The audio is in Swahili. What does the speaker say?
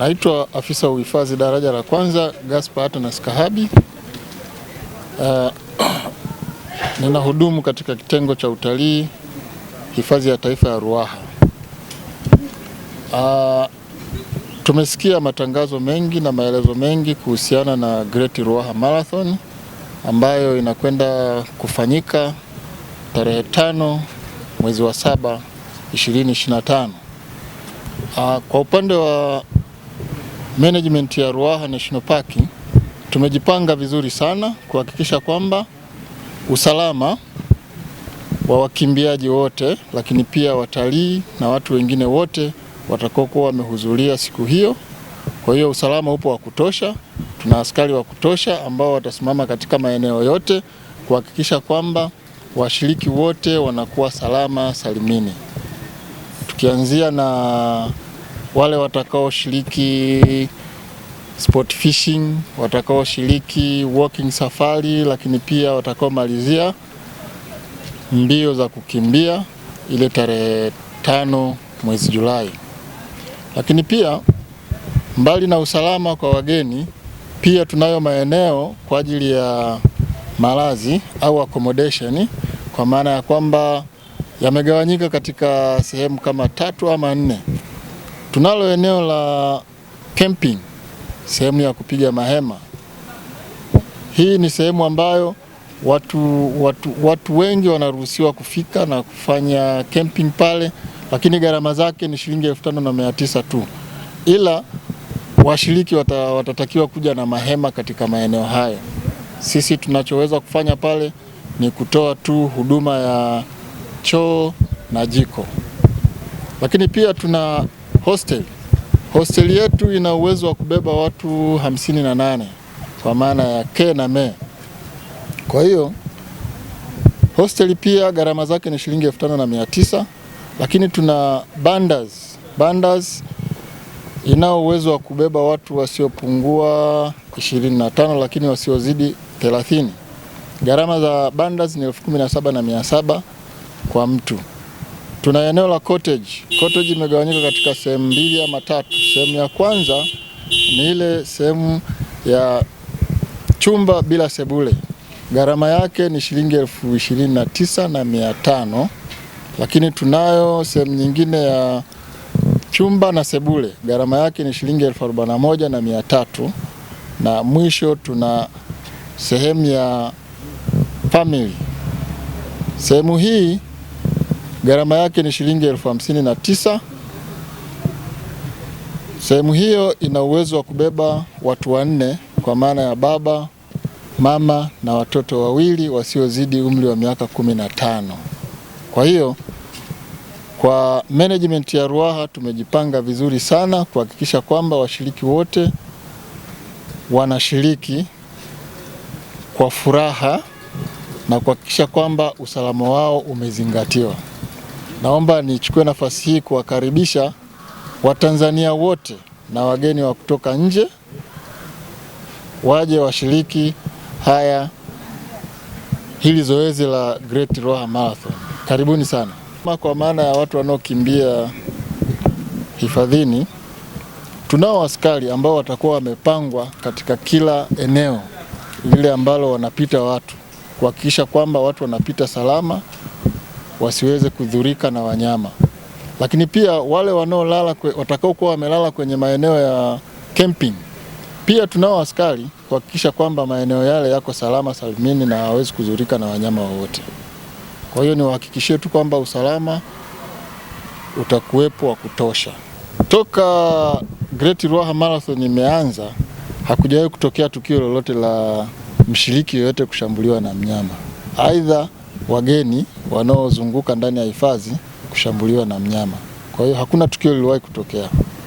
Naitwa afisa uhifadhi daraja la kwanza Gaspar Atanas Kahabi. Uh, ninahudumu katika kitengo cha utalii hifadhi ya taifa ya Ruaha. Uh, tumesikia matangazo mengi na maelezo mengi kuhusiana na Great Ruaha Marathon ambayo inakwenda kufanyika tarehe tano mwezi wa saba 2025. Uh, kwa upande wa management ya Ruaha National Park tumejipanga vizuri sana kuhakikisha kwamba usalama wa wakimbiaji wote, lakini pia watalii na watu wengine wote watakokuwa wamehudhuria siku hiyo. Kwa hiyo usalama upo wa kutosha, tuna askari wa kutosha ambao watasimama katika maeneo yote kuhakikisha kwamba washiriki wote wanakuwa salama salimini, tukianzia na wale watakaoshiriki sport fishing, watakaoshiriki walking safari, lakini pia watakaomalizia mbio za kukimbia ile tarehe tano mwezi Julai. Lakini pia mbali na usalama kwa wageni, pia tunayo maeneo kwa ajili ya malazi au accommodation, kwa maana ya kwamba yamegawanyika katika sehemu kama tatu ama nne. Tunalo eneo la camping, sehemu ya kupiga mahema. Hii ni sehemu ambayo watu, watu, watu wengi wanaruhusiwa kufika na kufanya camping pale, lakini gharama zake ni shilingi elfu tano na mia tisa tu, ila washiriki wata, watatakiwa kuja na mahema katika maeneo hayo. Sisi tunachoweza kufanya pale ni kutoa tu huduma ya choo na jiko, lakini pia tuna Hostel. Hostel yetu ina uwezo wa kubeba watu hamsini na nane kwa maana ya ke na me. Kwa hiyo hosteli pia gharama zake ni shilingi elfu tano na mia tisa lakini tuna bandas. Bandas inao uwezo wa kubeba watu wasiopungua tano lakini wasiozidi 30. Gharama za bandas ni elfu kumi na saba na mia saba kwa mtu. Tuna eneo la cottage. Cottage imegawanyika katika sehemu mbili ama tatu. Sehemu ya kwanza ni ile sehemu ya chumba bila sebule, gharama yake ni shilingi elfu ishirini na tisa na mia tano lakini tunayo sehemu nyingine ya chumba na sebule, gharama yake ni shilingi elfu arobaini na moja na mia tatu na mwisho tuna sehemu ya family. Sehemu hii gharama yake ni shilingi elfu hamsini na tisa. Sehemu hiyo ina uwezo wa kubeba watu wanne kwa maana ya baba, mama na watoto wawili wasiozidi umri wa miaka kumi na tano. Kwa hiyo kwa management ya Ruaha tumejipanga vizuri sana kuhakikisha kwamba washiriki wote wanashiriki kwa furaha na kuhakikisha kwamba usalama wao umezingatiwa. Naomba nichukue nafasi hii kuwakaribisha Watanzania wote na wageni wa kutoka nje waje washiriki haya hili zoezi la Great Ruaha Marathon. Karibuni sana. Kwa maana ya watu wanaokimbia hifadhini, tunao askari ambao watakuwa wamepangwa katika kila eneo lile ambalo wanapita watu kuhakikisha kwamba watu wanapita salama wasiweze kudhurika na wanyama, lakini pia wale wanaolala watakaokuwa wamelala kwenye maeneo ya camping, pia tunao askari kuhakikisha kwamba maeneo yale yako salama salimini na hawezi kudhurika na wanyama wowote. Kwa hiyo niwahakikishie tu kwamba usalama utakuwepo wa kutosha. Toka Great Ruaha Marathon imeanza hakujawahi kutokea tukio lolote la mshiriki yoyote kushambuliwa na mnyama aidha wageni wanaozunguka ndani ya hifadhi kushambuliwa na mnyama. Kwa hiyo hakuna tukio liliwahi kutokea.